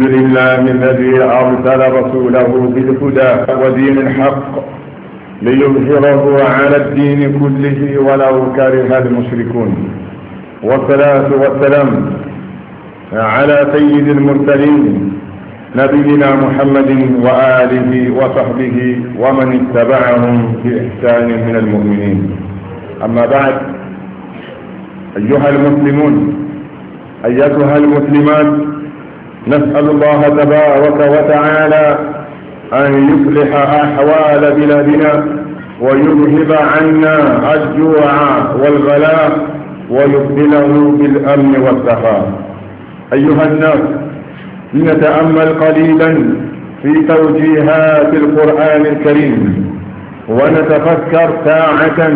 الحمد لله الذي أرسل رسوله بالهدى ودين الحق ليظهره على الدين كله ولو كره المشركون والصلاة والسلام على سيد المرسلين نبينا محمد وآله وصحبه ومن اتبعهم بإحسان من المؤمنين أما بعد أيها المسلمون أيتها المسلمات نسأل الله تبارك وتعالى أن يصلح أحوال بلادنا ويذهب عنا الجوع والغلاء ويبدله بالأمن والسخاء أيها الناس لنتأمل قليلا في توجيهات القرآن الكريم ونتفكر ساعة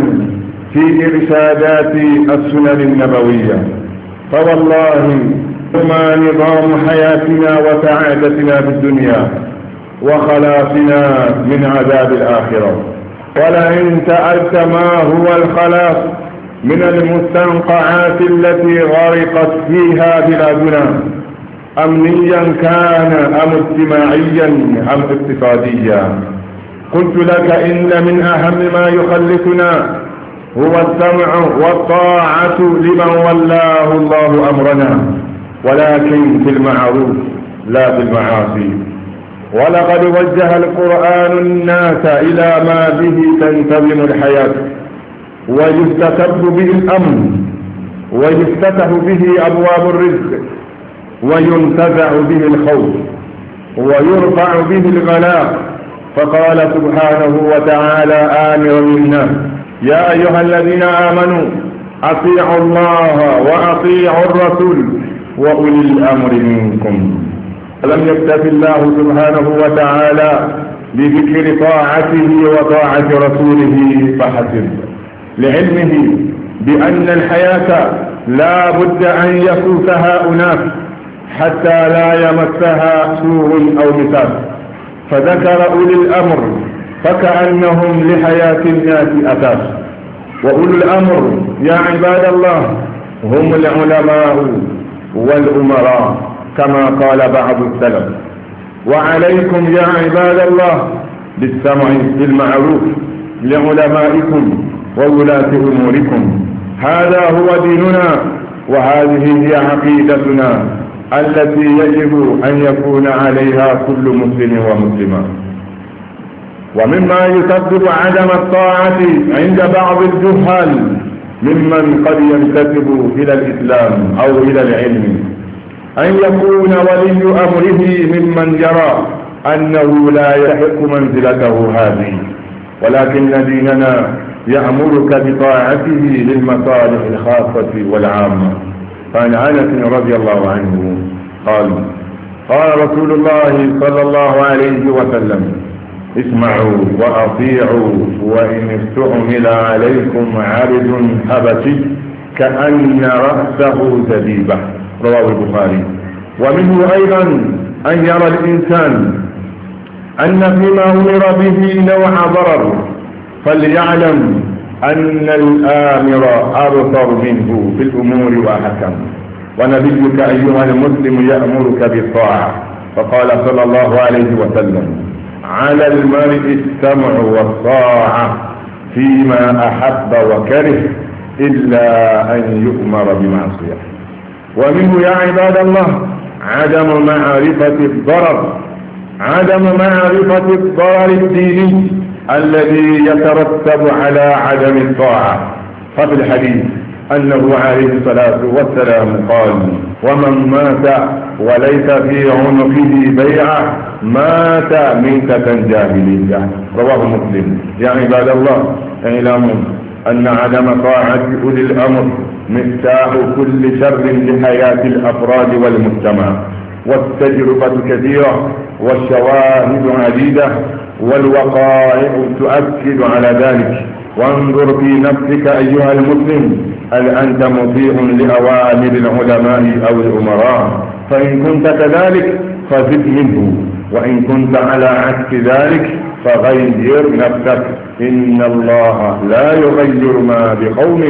في إرشادات السنن النبوية فوالله ثم نظام حياتنا وسعادتنا في الدنيا وخلاصنا من عذاب الآخرة ولئن سألت ما هو الخلاص من المستنقعات التي غرقت فيها بلادنا أمنيا كان أم اجتماعيا أم اقتصاديا قلت لك إن من أهم ما يخلفنا هو السمع والطاعة لمن ولاه الله أمرنا ولكن في المعروف لا في المعاصي ولقد وجه القرآن الناس إلى ما به تنتظم الحياة ويستتب به الأمن ويفتتح به أبواب الرزق وينتزع به الخوف ويرفع به الغلاء فقال سبحانه وتعالى آمرا للناس يا أيها الذين آمنوا أطيعوا الله وأطيعوا الرسول وأولي الأمر منكم ألم يكتف الله سبحانه وتعالى بذكر طاعته وطاعة رسوله فحسب لعلمه بأن الحياة لا بد أن يفوتها أناس حتى لا يمسها سوء أو مثال فذكر أولي الأمر فكأنهم لحياة الناس أساس وأولي الأمر يا عباد الله هم العلماء والأمراء كما قال بعض السلف وعليكم يا عباد الله بالسمع بالمعروف لعلمائكم وولاة أموركم هذا هو ديننا وهذه هي عقيدتنا التي يجب أن يكون عليها كل مسلم ومسلمة ومما يسبب عدم الطاعة عند بعض الجهال ممن قد ينتسب إلى الإسلام أو إلى العلم أن يكون ولي أمره ممن يرى أنه لا يحق منزلته هذه ولكن ديننا يأمرك بطاعته للمصالح الخاصة والعامة فعن أنس رضي الله عنه قال قال رسول الله صلى الله عليه وسلم اسمعوا وأطيعوا وإن استعمل عليكم عبد حبشي كأن رأسه زبيبة رواه البخاري ومنه أيضا أن يرى الإنسان أن فيما أمر به نوع ضرر فليعلم أن الآمر أرثر منه في الأمور وأحكم ونبيك أيها المسلم يأمرك بالطاعة فقال صلى الله عليه وسلم على المرء السمع والطاعة فيما أحب وكره إلا أن يؤمر بمعصية ومنه يا عباد الله عدم معرفة الضرر عدم معرفة الضرر الديني الذي يترتب على عدم الطاعة ففي الحديث أنه عليه الصلاة والسلام قال ومن مات وليس في عنقه بيعة مات منك جاهلية رواه مسلم يا عباد الله اعلموا أن عدم طاعة أولي الأمر مفتاح كل شر لحياة الأفراد والمجتمع والتجربة كثيرة والشواهد عديدة والوقائع تؤكد على ذلك وانظر في نفسك أيها المسلم هل أنت مطيع لأوامر العلماء أو الأمراء فإن كنت كذلك فزد منه وإن كنت على عكس ذلك فغير نفسك إن الله لا يغير ما بقوم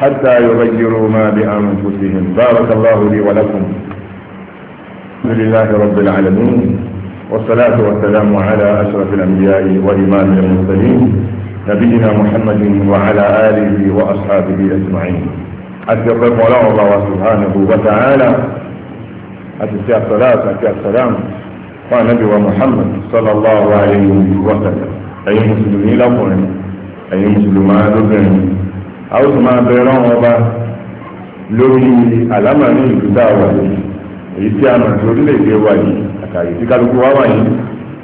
حتى يغيروا ما بأنفسهم بارك الله لي ولكم الحمد لله رب العالمين والصلاة والسلام على أشرف الأنبياء وإمام المرسلين نبينا محمد وعلى آله وأصحابه أجمعين أتقف الله سبحانه وتعالى أتسيا الصلاة أتسيا السلام fún ànábì wa Muhammad sallallahu alayhi wa sallam ẹ̀yin mùsùlùmí lọ́kùnrin ẹ̀yin mùsùlùmá lóbìnrin a ó sì máa bẹ rán ọba lórí àlámà ní ìlú tá a wà yìí èyí tí a mọ̀ sí orílẹ̀ wa yìí àtàyè tí kálukú wa wà yìí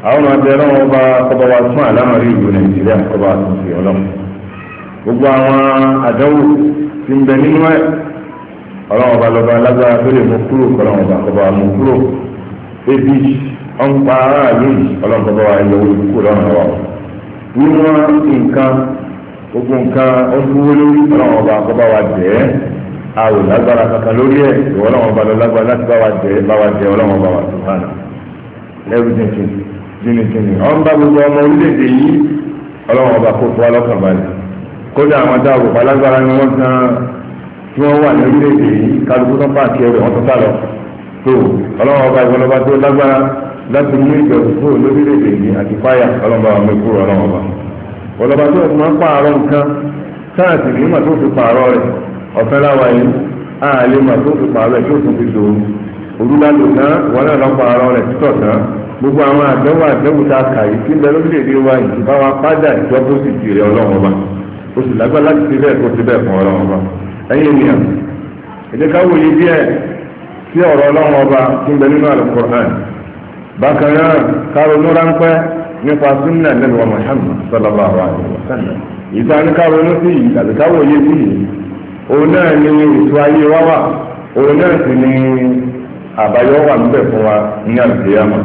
a ó máa bẹ ọba ọba wa tún àlámà ìlú Nàìjíríà ọba àtúnṣe ọlọ́run gbogbo àwọn àdánwò ti ń bẹ nínú ẹ̀ ọlọ́run lọ́ba alágbára tó lè mú kúrò ọlọ́run ọba mú kúrò ebi ọ̀npa aráàlú yìí bawa wa ẹ̀yọ olùkú lọ́nà wa wíwọ́n nǹkan ogun nǹkan ọdúnwó lórí ọlọ́run ọba wa jẹ́ a ò lágbára kankan lórí ẹ̀ ìwọ ọlọ́run lọ lágbára láti bá wa jẹ́ bá wa jẹ́ wa tó hàn ọ̀n bá gbogbo ọmọ orílẹ̀-èdè yìí balẹ̀ kódà láti mú ìbẹ̀rù kúrò lórílẹ̀-èdè yìí àti fáyà ọlọ́mọba àwọn ọmọ ìkúrò ọlọ́mọba ọlọ́ba tó ọ̀tún máa ń pààrọ̀ nǹkan sáà sì ní mà tó fi pààrọ̀ rẹ̀ ọ̀fẹ́ láwa yìí àlè mà tó fi pààrọ̀ rẹ̀ tó tún fi dòwó olúdàlò náà wọn náà lọ pààrọ̀ rẹ̀ títọ̀ tán gbogbo àwọn àdéhùn àdéhùn tá a kà yìí sí lórílẹ̀-èdè wa yìí bá wa pádà ìjọ tó sì bákan náà káronú ráńpẹ́ nípa súnà lẹ́nu wa Muhammad sallallahu alayhi wa sallam ìta ní sí yìí àti káwòye sí yìí òun náà ni ètò ayé wa wà òun náà sì ni àbáyọ wà ń wa ní àlùfíàmà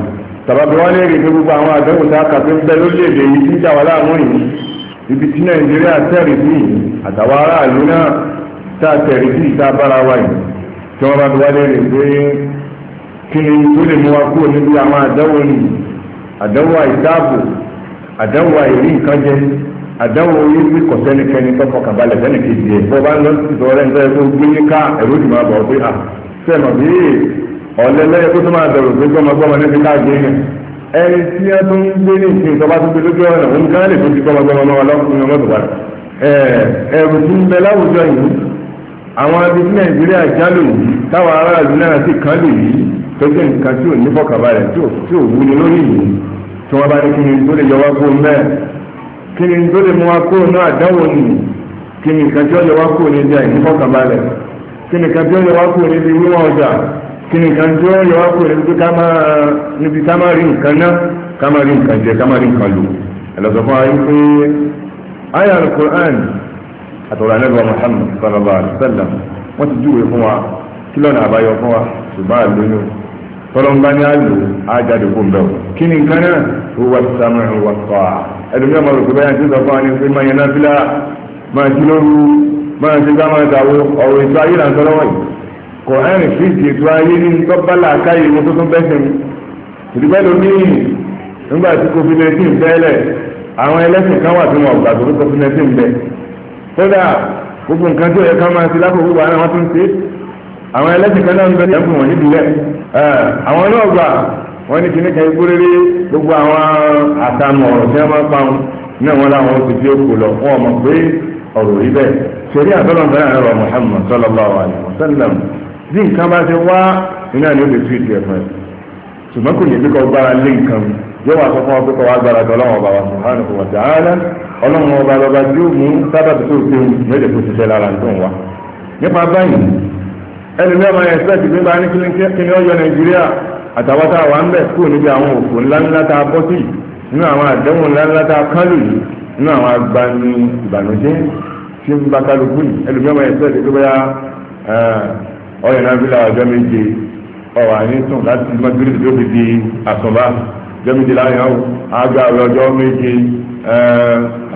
tàbátí wọn léèrè pé gbogbo àwọn àdéhùn tá a kà sí ń bẹ lórílẹ̀èdè yìí tí ìjà wà láàmú yìí ibi tí Nàìjíríà tẹ̀rí sí yìí àtàwọn aráàlú náà tá a tẹ̀rí sí ìta bára wa yìí Kini ni tó lè mú wa ama adawo àwọn Adawo ni àdánwò àìdáàbò àdánwò àìrí nǹkan jẹ àdánwò orí bí kò sẹ́nikẹ́ni tó fọkàn balẹ̀ sẹ́nikẹ́ni yẹ bó bá ń lọ sí ìtọ́rẹ́ ń tẹ́lẹ̀ tó gbé ká ẹ̀rọ ti máa Ọ pé ma tó máa pé ní fi káàgbé yẹn ẹni tí a tó ń gbé ní ìsìn tó gbé lójú ọ̀nà ọmọ tó jẹ́ nǹkan tí ò ní fọkàbalẹ̀ tí ò wúni lórí yìí tí wọ́n bá ní kí ni tó lè yọwá kó mẹ́ kí ni tó lè mú wa kó náà àdáwò nì kí ni nǹkan tí ó yọwá kó ní jẹ́ àìní fọkàbalẹ̀ kí ni nǹkan tí ó yọwá kó níbi wíwọ́n ọjà kí ni nǹkan tí ó yọwá kó níbi ká má rí nǹkan ná ká má rí nǹkan jẹ ká má rí nǹkan lò ẹ̀lọ́sọ̀ fún ayé pé ayé alukur'an àtọ̀rọ̀ anẹ́gbà Muhammad sallallahu alaihi wasallam wọ́n ti júwe fún wa kí lọ́nà àbáyọ fún wa ṣùgbọ́n àlóyún tọ́lọ́mbá ní àlù ájáde kó bẹ́ẹ̀ kí ni nǹkan náà huwa as-sam'u wat-ta'a ẹ̀dùn yóò máa rò pé báyà tí sọ fún wa ní pé máa yẹn náà fílà máa ti lóru máa ti gbámọ́ ìdàwó ọ̀rọ̀ ètò ayé là ń sọ́lọ́wọ́ yìí kò ẹ̀rìn fíìsì ètò ayé ní tọ́bálà káyé mo tó tún bẹ́sẹ̀ mi ìdìbẹ́ lómi nígbà tí covid-19 bẹ́ẹ̀lẹ̀ àwọn ẹlẹ́sìn kan wà tí wọn gbà tó covid-19 bẹ́ẹ̀ Eh, àwọn náà gbà wọ́n ní kíní kan ikú rere gbogbo àwọn àtàmù ọ̀rọ̀ tí wọ́n máa pa wọn náà wọ́n láwọn ti fi òkú lọ fún ọmọ pé ọ̀rọ̀ rí bẹ́ẹ̀ ṣeré àtọ́lọ́mọdé náà rọ Muhammad sallallahu alaihi wasallam bí nǹkan bá ti wá iná ni ó lè tuwìtì ẹ̀fọn ẹ̀ kò ní kíkọ́ gbára lé nǹkan yóò wá sọ fún wa pé kọ́ wá gbára tó ọlọ́wọ́n ọba wa subhanahu wa ọba lọ́ba tí mú sábà tó tó tó tó ẹni náà máa yẹn sẹ́ẹ̀kì nígbà ní kí ni ó yọ nàìjíríà àtàwọn tá a wà ń bẹ̀ kúrò níbi àwọn òfò ńláńlá tá a bọ́ sí nínú àwọn àdéhùn ńláńlá tá a kán lù yìí nínú àwọn agbani ìbànújẹ́ tí ń bá kálukú yìí ẹni náà máa yẹn sẹ́ẹ̀kì tó bẹ́yà ọyàn náà fi láwàjọ méje ọwọ́ àyíntàn láti mọ́tírì tó fi di àsọ̀bá jẹ́mídìí láyàn áwò àgbà ọjọ́ méje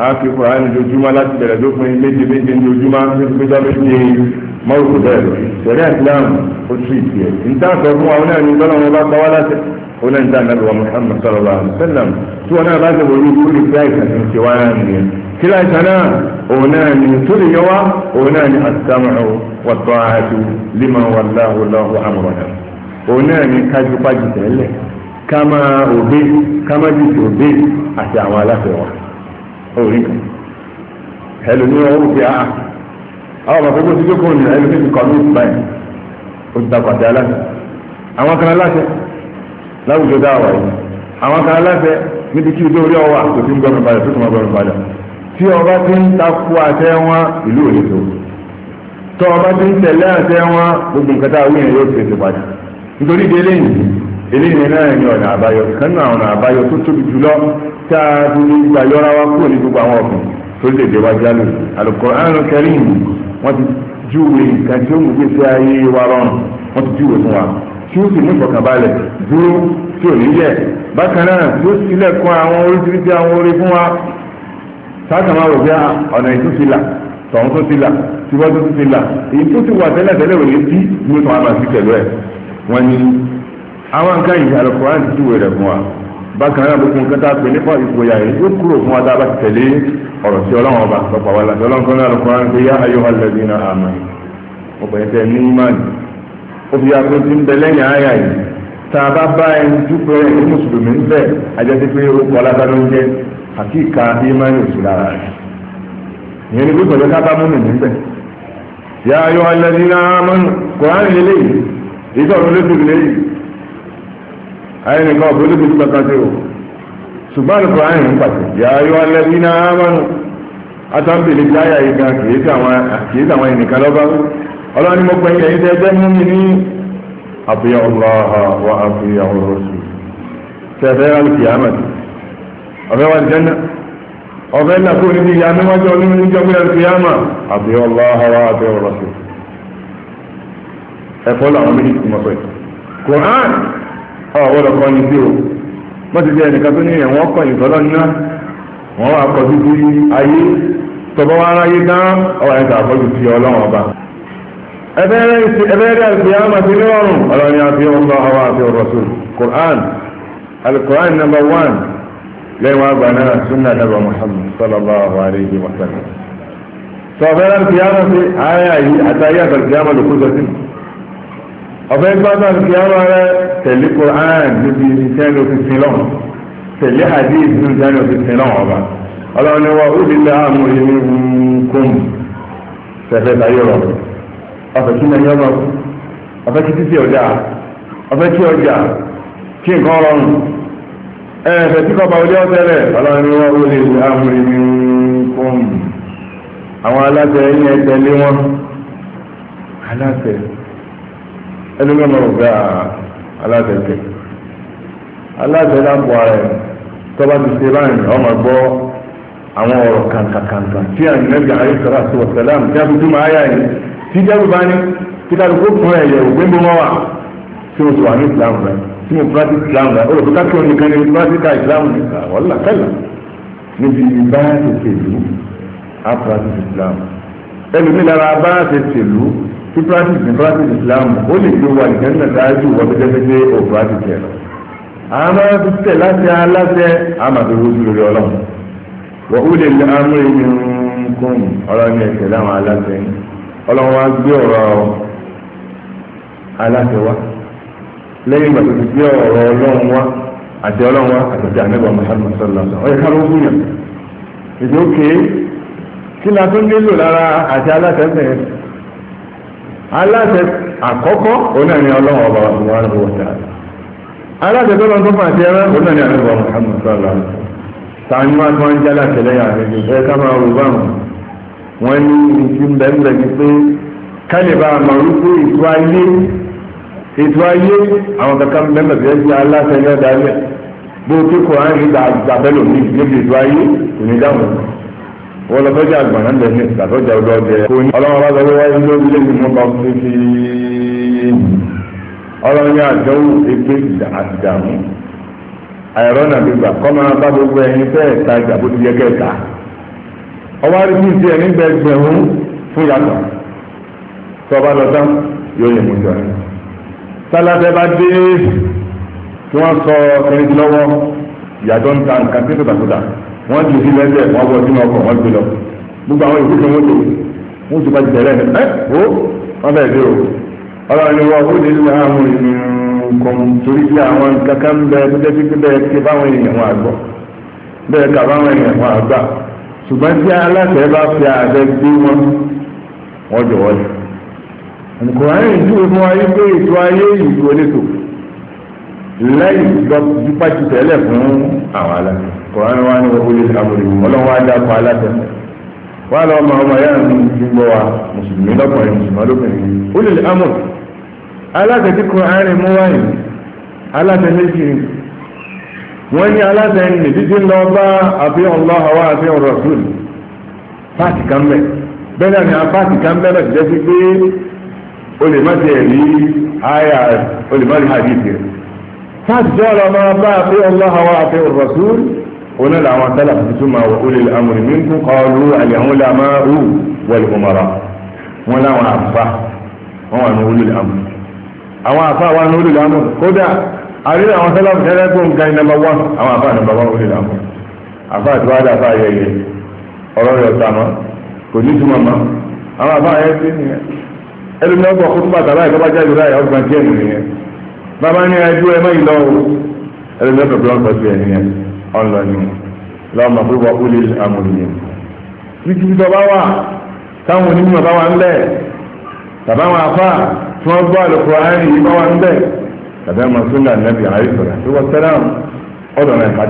àfikún àyàn lójúmọ́ láti bẹ̀rẹ̀ dópin méje méje lójúmọ́ méje méje mọ́wùkù bẹ́ẹ̀ sẹ̀rẹ́ ìsìláàmù ó tú ìtì ẹ̀ ìtàkọ̀ fún wa náà ní tọ́lọ́mọ bá pa wá láti ọ̀nà ìta nàbẹ̀ wa Muhammad sallallahu alaihi wasallam tí wọn náà bá ṣe wòlú kú ní kíláìsà ní ti wá náà nìyẹn kíláìsà náà òun náà ní tó lè yọwá òun náà ní as-sam'u wa ta'atu liman wallahu Allahu amrana òun náà ní kájú pàjù tẹ́lẹ̀ ká òbí ká jù sí òbí àti àwọn aláfẹ́ wa àwọn bàbá gbogbo ti jókòó nìyà ẹni tí kọ̀ lóòtù báyìí ó ti dàpàdé aláṣẹ àwọn kan aláṣẹ láwùjọ dá àwà yìí àwọn kan aláṣẹ níbi kí ìjọ orí ọwà tó ti ń gbọmọ balẹ̀ tó ti mọ gbọmọ balẹ̀ tí ọba ti ń takú àtẹ wọn ìlú òní tó tọ ọba ti ń tẹ̀lé àtẹ wọn gbogbo nǹkan tá a wúyẹn yóò fèsì padà nítorí ìdí eléyìí eléyìí náà ní ọ̀nà àbáyọ kan náà ọ̀nà àbáyọ tó tóbi jùlọ tá a ti gbà yọra wa kúrò ní gbogbo àwọn ọ̀gbìn tó lè déwájú alùpùpù alùpùpù wọ́n ti júwe nǹkan tí ó mú gbé sí ayé wa rọrùn wọ́n ti júwe fún wa tí ó sì ní ìfọ̀kànbalẹ̀ dúró tí ò ní yẹ bákan náà tí ó ṣílẹ̀kùn àwọn oríṣiríṣi àwọn orí fún wa sáàkà máa wò bí ah, ọ̀nà ìtúsílà tọ̀hún tó ti là síwájú tó ti là èyí tó ti wà tẹ́lẹ̀ tẹ́lẹ̀ wò lé tí ní ó tàn á máa sí pẹ̀lú ẹ̀ wọ́n ní àwọn nǹkan ìyàlọ́kọ̀ọ́ àti ìjúwe rẹ̀ fún wa bákan náà gbogbo nǹkan tá a pè nípa ìgboyà yìí yóò kúrò fún wa tá a bá tẹ̀lé ọ̀rọ̀ sí ọlọ́run ọba lọ́pàá wa láti ọlọ́run kan náà lọ́kọ́ rán pé yá ayọ́ alẹ́bí náà àmọ́ ọ̀pọ̀ ẹ̀tẹ́ ní imáàlì ó fi yàtọ̀ sí ń bẹ lẹ́yìn àyà yìí tá a bá bá ẹni dúpẹ́ ẹni mùsùlùmí ń bẹ̀ ajẹ́sí pé ó kọ́ alábàánú jẹ́ àkíkà imáàlì òsì lára rẹ̀ ìyẹn ni gbogbo ẹ̀ká bá múnú ayé nìkan ọ̀bọ̀ olóbi ti kankan sí o ṣùgbọ́n nìkan ayé ń pàṣẹ yà á yọ alẹ́ bí náà á mánu atábìlì táyà yìí gan kìí sàwọn ẹnìkan lọ́ba ọlọ́run ni mo pẹ́ yẹ ẹ̀yìn tẹ́jẹ́ mú mi ní àfihàn ọlọ́ha wa àfihàn ọlọ́sù tẹ̀fẹ́ alùpùpù àmàdì ọ̀fẹ́ wa jẹ́nà ọ̀fẹ́ ńlá kó níbi ìyá níwájú ọlọ́run ní wa àfihàn ọlọ́sù ẹ̀fọ́ làwọn méjì ti ọ̀wọ́dọ̀ kọ́ ní sí o wọ́n ti jẹ́ ẹnìkan tó ní ẹ̀wọ̀n kọ́ ìtọ́lọ́ ná wọ́n wá kọjú sí ayé tọ́bọ́ wá ráyé tán ọ̀rọ̀ ẹ̀ta àkọ́jú sí ọlọ́run ọba ẹbẹ́rẹ́ ìpè àmà ti ní ọrùn ọlọ́run yà fi ọlọ́ àwọn àti rasul Qur'an al-Qur'an number one lẹ́yìn wá gbà náà sunnah nàbà Muhammad sallallahu alayhi wa sallam sọ̀fẹ́rẹ́ ìpè àmà ti àyà yìí àtàyà ìpè àmà lòkúzọ́sìn ọ̀fẹ́ gbọ́dọ̀ kí ọmọ rẹ tẹ̀lé Qur'an níbi iṣẹ́ ló fi sin lọ́wọ́ tẹ̀lé hadith níbi iṣẹ́ ló fi sin lọ́wọ́ ọba ọlọ́run ni wọ́n ó lè lé àmú ilé kún tẹ̀fẹ́ tayé rọ̀ ọ̀fẹ́ kí nàá yọ̀bọ̀ ọ̀fẹ́ kí títí ọjà ọ̀fẹ́ kí ọjà kí nǹkan rọrùn ẹ̀ẹ́fẹ́ tí kọba ọjọ́ tẹ́lẹ̀ ọlọ́run ni wọ́n ó lè lé àmú ilé kún àwọn aláṣẹ yẹn tẹ̀lé wọn aláṣẹ ẹlẹ́gbẹ́ mọ̀ gbé alátẹ̀tẹ̀ alátẹ̀tẹ̀ àpò ara ẹ̀ tọ́ba ti ṣe báyìí ọmọ gbọ́ àwọn ọ̀rọ̀ kàǹkàǹkà tí à ń nẹ́gbẹ̀ ayé sọ́ra sí wọ̀sẹ̀láàmù tí a fi túmọ̀ ayá yìí tí jẹ́rù bá ní kí ká lóko fún ẹ̀yẹ ògbé ń bọ́ mọ́ wa tí mo sọ wà ní Islam rẹ tí mo practice Islam rẹ ó lọ fi kákìrò nìkan ní practice Islam rẹ ah, wàhálà kẹlẹ níbi bá ti tèlú a practice Islam ẹlòmílára bá a ti tèlú tí practice ní practice islam ó lè gbé wa ìjẹ́nà dájú wọ́n tó jẹ́ pé ó practice ẹ̀ lọ. àmọ́ ti tẹ̀ láti aláṣẹ àmọ́ tó rojú lórí ọlọ́run wọ́n ó lè lé amúre ní kún ọlọ́run ní ẹ̀sẹ̀ láwọn aláṣẹ ọlọ́run wá gbé ọ̀rọ̀ aláṣẹ wa lẹ́yìn ìgbà tó ti gbé ọ̀rọ̀ ọlọ́run wa àti ọlọ́run wa àtàtì àmẹ́bà Muhammad sallallahu alaihi wa sallam ọ̀yẹ̀ká ló fún yàn ìdókè lára àti aláṣẹ aláṣẹ àkọ́kọ́ onáni ọlọ́wọ́ ọba wọn ló wọ́n dáa aláṣẹ tó lọ́n tó fà sí ẹran onáni àlọ́wọ́ Muhammad sallallahu alaihi wasallam tani wọn tó ń jẹ́ aláṣẹ lẹ́yìn àrẹ́jọ ẹ ká máa rò bá wọn wọn ní ìdí mbẹ́mbẹ́ ni pé kálíbà àmọ́ wípé ètò ayé ètò ayé àwọn kankan mbẹ́mbẹ́ bẹ́ẹ̀ di aláṣẹ ní ọ̀dà bó tó kọ̀ á rí gbàgbẹ́ níbi ètò ayé kò ní dáhùn wọ́n lọ fẹ́jà àgbàná lẹ̀ ní ìgbàsọ́jà ọdọ ọdẹ kò ní ọlọ́run bá sọ pé wáyé lórí lẹ́yìn mú bá fífi ọlọ́run ní àdánwò èké àdàmú àìrọ́nà gbígbà kọ́ máa bá gbogbo ẹ̀yin fẹ́ẹ̀ ta ìgbà bó ti yẹ kẹta ọwọ́ arígbì ti ẹ̀ nígbà ẹgbẹ̀rún fún yàtọ̀ tó ọba lọ tán yóò yẹ mú jọ sálábẹ́ bá dé tí wọ́n sọ ẹni lọ́wọ́ ìyàtọ̀ ń ta nǹkan tí kò tàkùtà wọ́n ti fi lẹ́sẹ̀ wọ́n bọ́ sínú ọkọ̀ wọ́n ti lọ gbogbo àwọn ìkú kan wọ́n tó wọ́n tó bá ti tẹ̀lé ẹ̀ ó wọ́n bẹ̀ dé o ọlọ́run ni wọ́n ó lè lu àwọn nǹkan torí bí àwọn kankan bẹ tó jẹ́ pípé bẹ́ẹ̀ ké báwọn èèyàn wọn àgbọ̀ bẹ́ẹ̀ kà báwọn èèyàn wọn àgbà ṣùgbọ́n tí aláṣẹ bá fi àbẹ gbé wọn wọ́n jọ̀wọ́ ni. àlùkò ayé ìdúró fún ayé pé ètò ayé ìlú olétò lẹ́yìn lọ dúpá tẹ́lẹ̀ fún àwọn aláṣẹ kọ̀ọ̀rán wa ní wọ́n lè sàmúlò ọlọ́run wa aláṣẹ wọ́n lọ ọmọ ọmọ yára ní wa mùsùlùmí lọ́kùnrin mùsùlùmí lọ́kùnrin lè amọ̀ aláṣẹ a kan táàtìjọ́ ọ̀rọ̀ máa bá àfẹ́ Allah wa àfẹ́ ar-rasul oní làwọn tálà tuntun máa wọ ulil amri minkum qalu al-ulama'u wal umara wọn láwọn àfa wọn wà ní ulil amri àwọn àfa wà ní ulil amri kódà àrílẹ̀ àwọn tálà tẹ́lẹ̀ tó ń ga iná wọn àwọn àfa ní bàbá ulil amri àfa àti wáyé àfa ayẹyẹ ọ̀rọ̀ rẹ̀ ọ̀tá ma kò ní túmọ̀ ma àwọn àfa ayẹyẹ sí nìyẹn ẹlòmíràn kó tó bàtà láì jáde láì ọgbà díẹ̀ nìyẹn bàbá ní ẹjú ẹ lọ́wọ́ bí wọ́n yẹn ni lọ́mọ pé wọ́n kúlé amòlùyẹ títí tí ọba wà táwọn onímọ̀ bá wà ń bẹ̀ bàbá wọn afá tí wọ́n gbọ́ àlùkò ayé yìí bá wà ń bẹ̀ bàbá wọn tí wọ́n ọ̀dọ̀ náà ká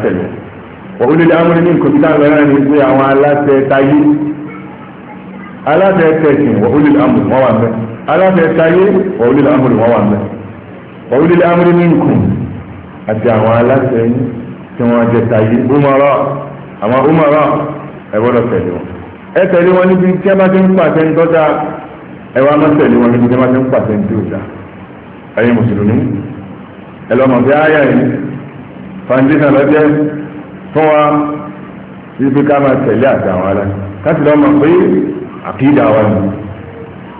tẹ̀lé ọ̀wọ́lẹ̀ lámúrí minkum àti àwọn aláṣẹ yìí tí wọ́n jẹta yìí umara àwọn umara ẹ gbọ́dọ̀ tẹ̀lé wọn ẹ tẹ̀lé wọn níbi tí a bá ti ń pàṣẹ ń tọ́jà ẹ wá má tẹ̀lé wọn níbi tí a bá ti ń pàṣẹ ń tọ́jà ẹ̀yin mùsùlùmí ẹ lọ́mọ bí áyà yìí fàǹdínà lọ́jẹ́ fún wa ibi ká máa tẹ̀lé àti àwọn aláṣẹ káṣí lọ́mọ pé àkídà wa nìyí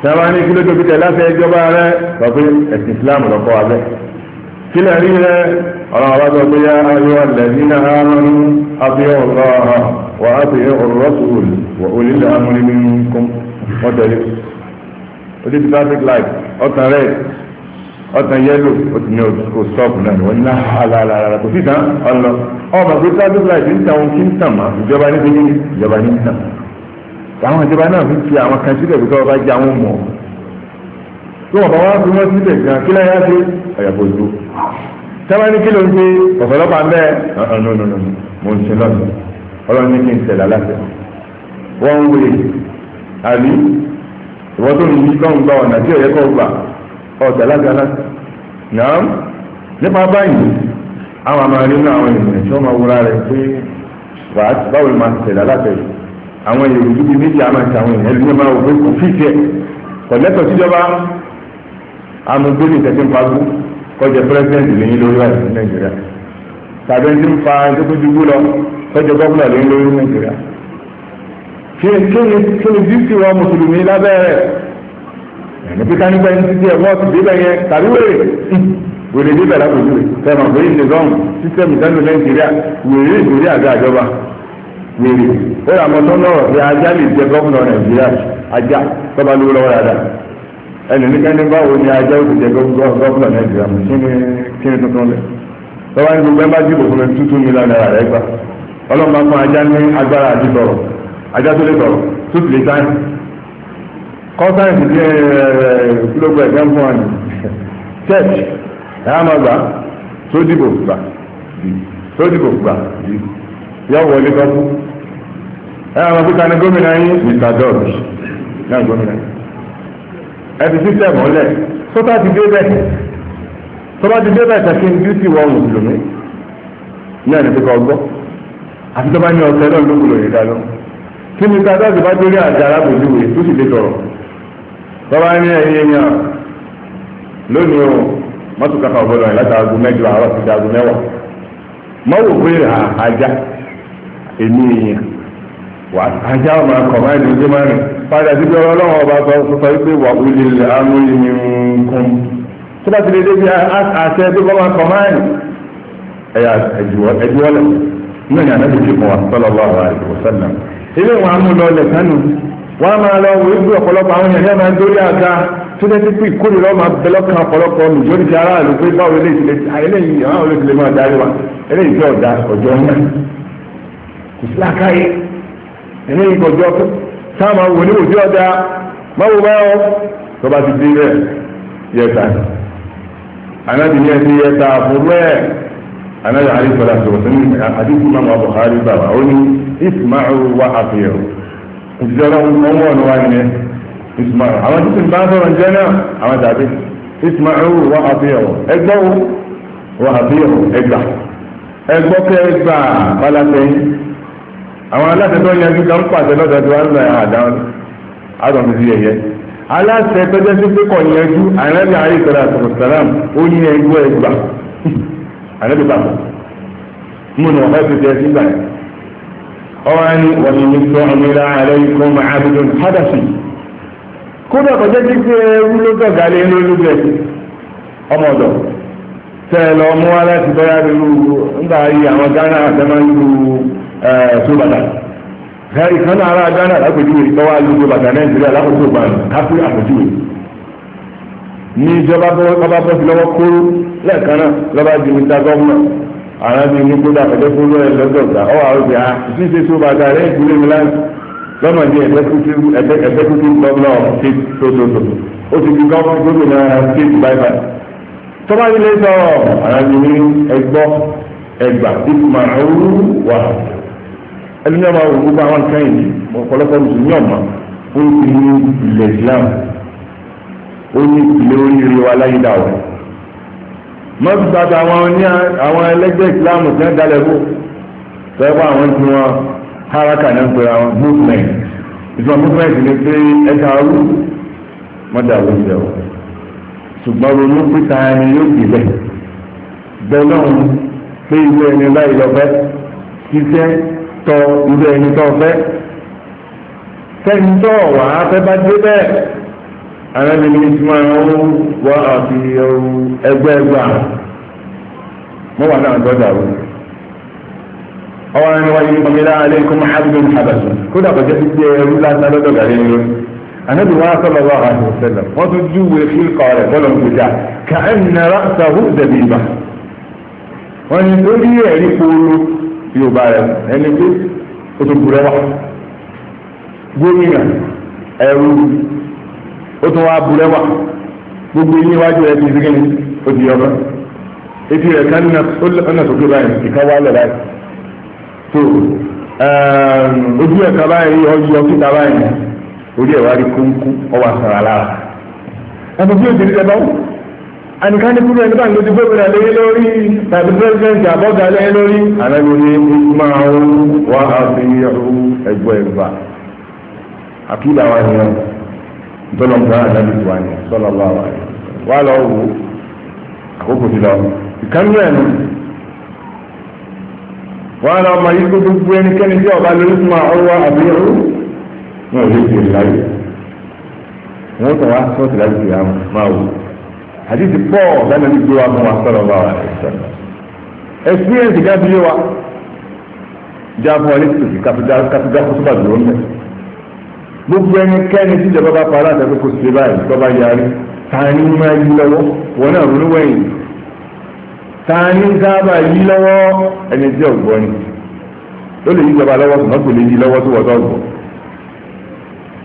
sábà ní kí ló tóbi tẹ̀ láti ẹjọba rẹ sọ pé ẹ̀sìn Islam lọ́kọ́ abẹ́ kí lè rí rẹ ọ̀rọ̀ àwọn tó gbéyà ayọ́ àlẹ́bí náà rọrùn abẹ́ ọ̀rọ̀ wà á ti rí ọ̀rọ̀ sùúrù wà ó lílẹ̀ amúrí nínú kún wọ́n tẹ̀lé ó ti traffic light ọ̀tàn red ọ̀tàn yellow ó ti ní kò stop náà wọ́n ní àlàlàlà ah, kò sí tán ọ̀lọ́ ọmọ pé traffic light ń tàn kí ń tàn mà ìjọba ní ìjọba ń tàn àwọn ìjọba náà fi fi àwọn kan síbẹ̀ bí tọ́wọ́ bá jẹ́ àwọn mọ̀ tí wọ́n bá wá fi wọ́n síbẹ̀ gan kí láyé ṣe ọ̀yàpọ̀ ìlú sábà ní kí ló ń gbé ọ̀pọ̀lọpàá mẹ́ẹ̀ ọ̀nà mo ń ṣe lọ́sọ̀ ọlọ́run ní kí n tẹ̀lé aláṣẹ wọ́n ń wèé àbí ìwọ́n tó ń yí kọ́ ń gba ọ̀nà tí òye kọ́ gbà ọ̀tẹ̀ aláṣẹ aláṣẹ náà nípa báyìí àwọn àmàlẹ́ náà àwọn ènìyàn tí wọ́n máa wúra rẹ̀ pé báwo ni máa tẹ̀lé àwọn èrò tó bí méjì àmà ti àwọn èèyàn lóye máa wò pé kò fi tiẹ̀ kọ̀lẹ́tọ̀ síjọba amúgbélé tẹ̀sí ń pagú kọjá pírẹsidẹ́ǹtì lóyún lórí wà ní nàìjíríà tàbí ẹni tí ń fa ẹni tó kún dúgbò lọ kọjá gọ́fúnà lóyún lórí ní nàìjíríà kí ni kí ni díìsì wọn mùsùlùmí lábẹ́rẹ́ ẹni pé kánípa ẹni títí ẹ̀ mọ́ọ̀sì débẹ̀ yẹn tàbí wèrè wèrè débẹ̀ lápòjú rẹ̀ fẹ́ràn pé ìṣèjọ́n sísẹ́mù sẹ́nu nàìjíríà wèrè ìdórí àgbà àjọba wèrè ó rà mọ́tò náà ní ajá lè jẹ gómìnà nàìjíríà ajá tọ́ba lówó lọ́wọ́ yàrá ẹnìkẹ́ni báwo ni ajá ó ti jẹ gómìnà nàìjíríà kí ni kí ni tuntun lẹ tọ́ba ní gbogbo ẹ bá dìbò fún mi gbà ọlọ́mọ akọ ajá ní agbára àti ajá tó lè lè sáyẹn kílógún ẹ̀gbẹ́ fún ẹ̀ yọ wọlé tọ́kú ẹ àwọn akúta ní gómìnà yín mr dodge ní àwọn gómìnà ẹ ti sísẹ̀ mọ́lẹ̀ sọ́tà ti dé bẹ́ẹ̀ sọ́tà ti dé bẹ́ẹ̀ tẹ̀sí dúùtì wọ mùsùlùmí ní ẹni tó kọ gbọ́ àti tó bá ní ọ̀sẹ̀ náà ló wúlò yìí dáná kí mr dodge bá dórí àjà alábòjúwe tó sì dé tọ̀rọ̀ bàbá ní ẹ̀yìn ẹ̀yìn lónìí o mọ́tò kàkà ọ̀bọ̀lọ̀ yìí látàgùn mẹ́jọ àárọ̀ sí dàgùn mẹ́wàá mọ́wò pé àjà èmi èèyàn wà ajá ọmọ akọ̀ máa ní ojú máa rìn padà sí ọ̀rọ̀ ọlọ́run ọba sọ sọ pé wà ó lè lè àánú ìní nǹkan tó bá ti lè débi àṣẹ tó bá máa kọ̀ máa rìn ẹ̀yà ẹ̀dùwọ́lẹ̀ náà ní ànábì ti fún wa sallallahu alaihi wasallam ilé wọn amú lọ lẹ̀ sánú wọn a máa lọ wọ ibi ọ̀pọ̀lọpọ̀ àwọn èèyàn náà dórí àga tó dé sí pé ìkórè lọ́wọ́ máa bẹ lọ́kàn ọ̀pọ̀lọpọ̀ nìjọ́rí ti aráàlú pé báwo eléyìí ti lè máa darí wa eléyìí tí ọ̀dà ọ̀jọ́ náà kò sí làákàyè ẹni yìí kọjọ pé sáà máa wò ní òjò ọjà máa wò báyọ tó bá ti dín bẹ́ẹ̀ yẹta anábì ní ẹsẹ yẹta fún bẹ́ẹ̀ anábì àríkọlá sọ̀rọ̀ sẹ́ni àdínkù máa wà Buhari bàbá ó ní ismail wà àfihàn òjijì ọlọ́run ọmọ ọ̀nà wa nìyẹn ismail àwọn tí tí ń bá sọ̀rọ̀ jẹ́ náà àwọn tàbí ismail wà àfihàn ẹgbọ́n wà àfihàn ẹgbà ẹgbọ́kẹ́ ẹgbà pálákẹ́yìn àwọn aláṣẹ tó yanjú kan pàṣẹ lọ́dọ̀ tí wọ́n lọ àdáwọn àdọ̀mí sí ẹ̀yẹ aláṣẹ tó sí pé kọ̀ yanjú ànábì àárí sọ̀rọ̀ àtọ̀rọ̀ sàrám ó ní ẹgbẹ́ ẹgbà ànábì pàṣẹ mú ní ọ̀fẹ́ tó jẹ́ sígbà yẹn ọwọ́ wọ́n ní sọ ọmọlá ààrẹ kódà kọjá ewu ọmọdọ̀ sóbàtà ẹ̀rí kan náà ará Ghana lápèjúwe lọ́wọ́ àlù sóbàtà Nàìjíríà lápòtò gbàgbé káfí àpèjúwe ní ìjọba bọ́lá bọ́ sí lọ́wọ́ kóró lẹ́ẹ̀kan náà lọ́ba di mr gọ́ọ̀mù àwọn bíi ní kódà pẹ̀lẹ́ fún lọ́rẹ̀ lọ́dọ̀gba ya ti ilé sọ̀rọ̀ ẹgbọ́ ẹgbà wà ẹlẹ́ni ọba wò gbogbo àwọn nǹkan yìí ọ̀pọ̀lọpọ̀ mùsùlùmí ọ̀mà ó ti ní ilẹ̀ Islam ó ní ìpìlẹ̀ oríire wa láyé dà wọ́n. mọ́tò tàbí àwọn ní àwọn ẹlẹ́gbẹ́ Islam ti ń dalẹ̀ bò sọ́yẹ́pọ̀ àwọn tí wọ́n haraka náà ń àwọn movement ìtumọ̀ movement ni pé ẹ̀ka arú mọ́tò àwọn ìjẹ́ wọn. ṣùgbọ́n ronú pípa ẹni yóò gbé bẹ́ẹ̀ bẹ́ẹ̀ náà pé ìwé ẹni báyìí lọ ṣiṣẹ́ tọ irú ẹni tó fẹ́ sẹ́ńtọ́ wà á fẹ́ bá dé bẹ́ẹ̀ àwọn ẹni ní tí máa ń wá àti ẹgbẹ́ ẹgbà mọ́ wà náà gbọ́dọ̀ àwọn ọwọ́ ẹni wáyé ọmọlá aleikum habibin habasu kódà kò jẹ́ pípé ẹrú lásán lọ́dọ̀ gàdé ni anabi wa sallallahu alaihi wa sallam wọ́n tún júwe fílkọ̀ rẹ̀ bọ́lọ̀ ń gbèjà kà ẹ̀ nara sahu zabiba wọ́n ni lórí ẹ̀rí kúrú yóò bá rẹ ẹni pé o tó burẹ wá gómìnà ẹrú o tó wá burẹ wá gbogbo ilé iwájú rẹ ti di kíni o ti yọba etí rẹ kan nà ọ̀nà sókè báyìí ìka wà lẹ̀ báyìí tó ojú ẹ̀ka báyìí ọjọ́ kíta báyìí orí ẹ̀ wá rí kúnkún ọwọ́ àsàrà lára ẹni bí o ti rí ẹ báwò ànìkan ní kúrò ẹni bá ń lo ti gómìnà lé lórí tàbí pẹ́sidẹ́ntì àbọ́gà lé lórí àlẹ́lú ní máa ń wá àfihàn ẹgbẹ́ ẹ̀fà àkídà wa ni wọn tọ́lọ̀ ń bá àdábì tó wà ní sọ́lọ̀ bá wà ní wà lọ wò àkókò ti lọ ìkánú ẹ̀nu wà lọ sọ́ọ̀tì láti fi àwọn máa wò àdìsí pọ̀ lẹ́nu ní gbé wa fún wa sọ̀rọ̀ bá wa ẹ̀sọ̀rọ̀ experience ká bí wa já fún ọlẹ́ tòsí káfíńdà fún súpà dúró ń bẹ̀ gbogbo ẹnikẹ́ni tí ìjọba bá parí àtàkùn kò sí báyìí tó bá yarí tani máa yí lọ́wọ́ wọn náà ronú wẹ̀yìn tani sábà yí lọ́wọ́ ẹni tí ọ̀gbọ́n ni ló lè yí ìjọba lọ́wọ́ ṣùgbọ́n kò lè yí lọ́wọ́ tó wọ́n tó ọ̀gbọ́n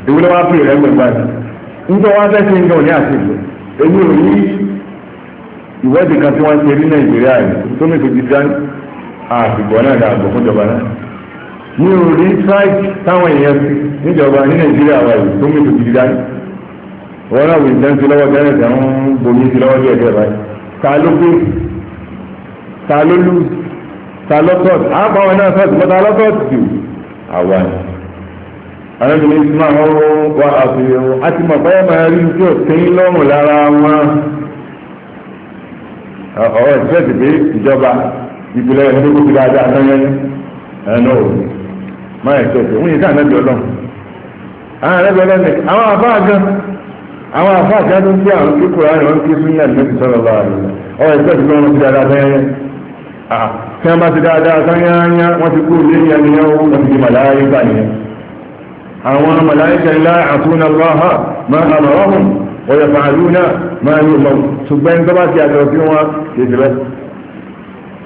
ìwúlọ́wọ́ á pè rẹ́ gbẹ̀gbẹ̀ nítorí wọn fẹ́ ṣe ń gan òní àti ìgbẹ́ èmi ò ní ìwọ́de kan tí wọ́n ń ṣe ní nàìjíríà yìí tó mẹ́tò ti dá àtìgbọ́ náà dà àgbọ̀ fúnjọba náà ní orí strike táwọn èèyàn sí níjọba ní nàìjíríà wa yìí tó mẹ́tò ti dá wọn náà wò ìdánsí lọ́wọ́ tẹ́lẹ̀ tẹ́ ń bomi sí lọ́wọ́ bí ẹ̀jẹ̀ báyìí ta ló gbé ta ló lù ta lọ́tọ̀t àbá wọn náà sọ́ọ̀tì mọ́ta lọ́tọ̀t jù àwa ni arábìnrin ismail wa ní tí ọ̀rọ̀ ìfẹ́sì pé ìjọba ìpìlẹ̀ ẹni tó kó ti dáadáa tán yẹn ẹnu ò máa ẹ̀sọ́ pé wọ́n yìí ká ànábì ọlọ́run àwọn ànábì ọlọ́run ni àwọn àfáà gan àwọn àfáà gan tó ń gbé àwọn kíkù rà wọn kí sún náà lẹ́sìn sọ́rọ̀ bá rẹ̀ ọ̀rọ̀ ìfẹ́sì pé wọ́n ti dáadáa tán tí wọ́n bá ti dáadáa wọ́n yẹ fàálù náà máa yóò mọ̀ ṣùgbọ́n tó bá ti àjọ sí wọn kéde bẹ́ẹ̀.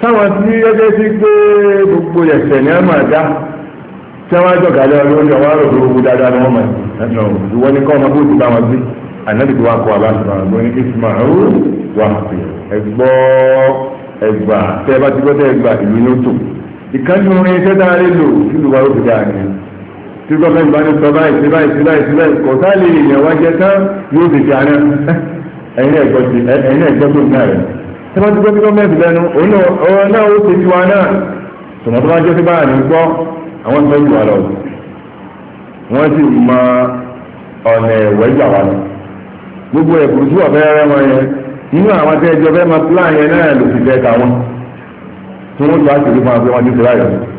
sáwọn tí ẹgbẹ́ sí pé gbogbo ẹ̀sẹ̀ ní àmà dá tí wọ́n á jọ gàdá lóúnjẹ wọn á rò pé gbogbo dáadáa ni wọ́n mọ̀ ẹ̀sìn ọ̀hún ìwọ́n ní kọ́ ọmọ bó ti bá wọn sí ànábì tó kọ́ aláṣọ àwọn ọ̀gbọ́n ní ìsìmọ̀ àrùn wà pè ẹ̀gbọ́ ẹgbà tẹ́ bá ti gbọ́ tẹ́ ẹgbà ìlú ní ó tò ìkànnì orin iṣẹ́ dáa lò sílùú wa fi dáa ní tí gọ́ọ̀mẹ́ntì bá ní sọ báyìí sí báyìí sí báyìí sí báyìí kò sáà lè yàn wá jẹ tán yóò sì fi àná ẹ̀yin ẹ̀gbọ́n ti ẹ̀yin ẹ̀gbọ́n tó ń náà rẹ̀ tí wọ́n ti gbé tí gọ́ọ̀mẹ́ntì lẹ́nu òun náà ó ṣe tiwa náà tòmọ́ tó bá jẹ́ sí báyà ní gbọ́ àwọn tó ń wà lọ wọ́n sì mọ ọ̀nà ẹ̀wẹ́ ìjà wa lọ gbogbo ẹ̀kùn tí wọ́n fẹ́ rẹ́ wọn yẹn nínú àwọn tẹ́jọ fẹ́ máa pílà yẹn náà lòsì tẹ́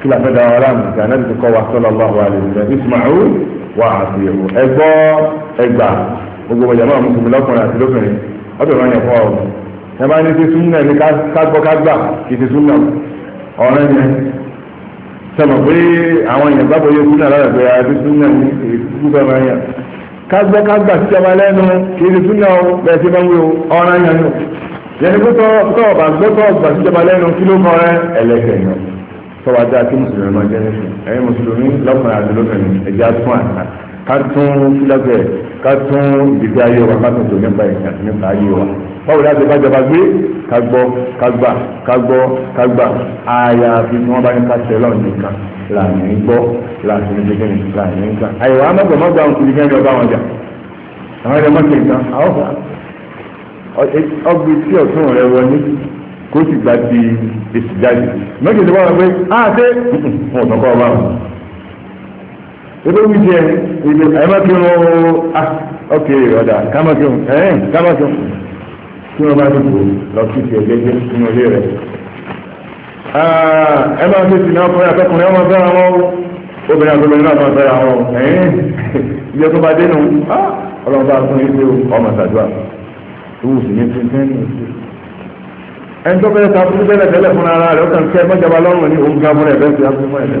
kí la fẹ́ da wa láàmú kí anábì ti kọ́ wa sallallahu alaihi wasallam isma'u wa àfihàn ẹgbọ́ ẹgbà gbogbo ọjà máa mùsùlùmí lọ́kùnrin àti lóbìnrin ọbẹ̀ máa ń yẹ fún ọ ẹ máa ní ti súnmọ́ ní kágbọ́ kágbà kì í ti súnmọ́ ọ̀rẹ́ yẹn sọmọ pé àwọn èèyàn gbàgbọ́ yóò súnmọ́ lára pé àti súnmọ́ ní ìdúgbò máa ń yẹ kágbọ́ kágbà síjọba lẹ́nu kì í ti súnmọ́ bẹ́ẹ̀ ti máa ń wí ọ̀rẹ́ yẹn nù yẹn ni pé tọ́ ọ̀bà gbọ́tọ̀ ọ̀gbà síjọba lẹ́nu kí ló kọ́ rẹ́ ẹlẹ́kẹ̀ẹ́ tọ́wọ́ ajá kí mùsùlùmí máa jẹ́ nìkan ẹ̀yin mùsùlùmí lọ́kùnrin àti lóbìnrin ẹ̀já tún àná ká tún sílẹ̀bẹ̀ ká tún ìdíje ayé wa ká tún tò nípa ẹ̀sìn àti nípa ayé wa báwo láti bá jọba gbé ká gbọ́ ká gbà ká gbọ́ ká gbà àyà àfi tí wọ́n bá ní ká tẹ̀ lọ́ọ̀ nìkan làní gbọ́ làní gbẹ́gẹ́ ní làní gbà àyẹ̀wò amágbàmágbà ń kúrò gẹ́gẹ́ ọba wọn jà àwọn ẹ̀rọ mọ́tò kó sì gba ti èsì jáde mẹ́jọ ti wọ́n pé á ah, ṣe fún ọ̀tàn kọ́ ọba wọn. ebi omi jẹ ebi ẹ̀ma kí wọn ó ah, ok ọ̀dà kámá kí wọn ẹ̀ẹ́n kámá kí wọn kí wọn bá ti kú lọ sí ti ẹ̀jẹ̀jẹ̀ nínú ilé rẹ̀. ẹ̀ma fi sinmi ọkùnrin àtọkùnrin ọmọ fẹ́ràn wọn obìnrin àtọkùnrin náà máa fẹ́ràn wọn ẹ̀ẹ́n ìjọ tó bá dénú ah, ọlọ́run bá fún yín pé ọmọ ṣàdúrà tó wù sí ní tuntun ní ìsìn ẹni tó bẹ́ẹ̀ sáfún bẹ́ẹ̀ tẹ́lẹ̀ fún ara rẹ̀ ó kàn kẹ́ mọ́jọba lọ́rùn ní òun gámúrẹ̀ bẹ́ẹ̀ fi ápùn mọ́ ẹ̀lẹ́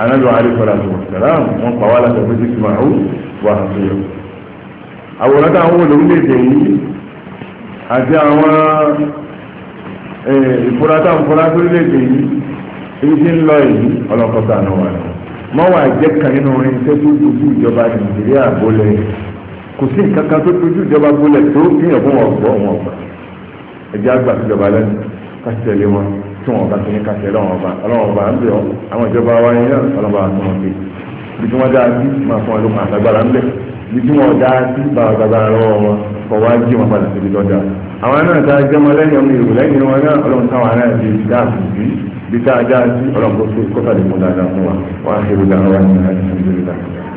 anájọ àríkọ̀lá tó sàlám wọn pa wá láti ọ̀fẹ́ sí kìmọ̀ àwù wà á fẹ́yọ̀ àwòrán táwọn wò lórílẹ̀-èdè yìí àti àwọn ìfura táwọn fura lórílẹ̀-èdè yìí èyí tí ń lọ yìí ọlọ́kọ̀ọ́ta náà wà lọ mọ́ wà jẹ́ kan nínú irinṣẹ́ tó dojú ẹjẹ́ àgbà síjọba lẹ́nu kásìtẹ̀lé wọn tí wọn bá ti ní kásìtẹ̀ lọ́wọ́ ọba ọlọ́wọ́ ọba ń bẹ̀ ọ́ àwọn ìjọba wa yẹn náà ọlọ́wọ́ àti wọn pé bí tí wọ́n dáa sí máa fún wọn ló máa lágbára ń bẹ̀ bí tí wọ́n dáa sí báwa gbàgbára lọ́wọ́ wọn kọ̀ wá jí wọn padà síbi lọ́jà àwọn náà dáa jẹ́mọ lẹ́yìn ọmọ ìrù lẹ́yìn wọn náà ọlọ́run táwọn náà di dáàbò sí bí dáadáa sí ọlọ́run kó sókòtà lè mú dáadáa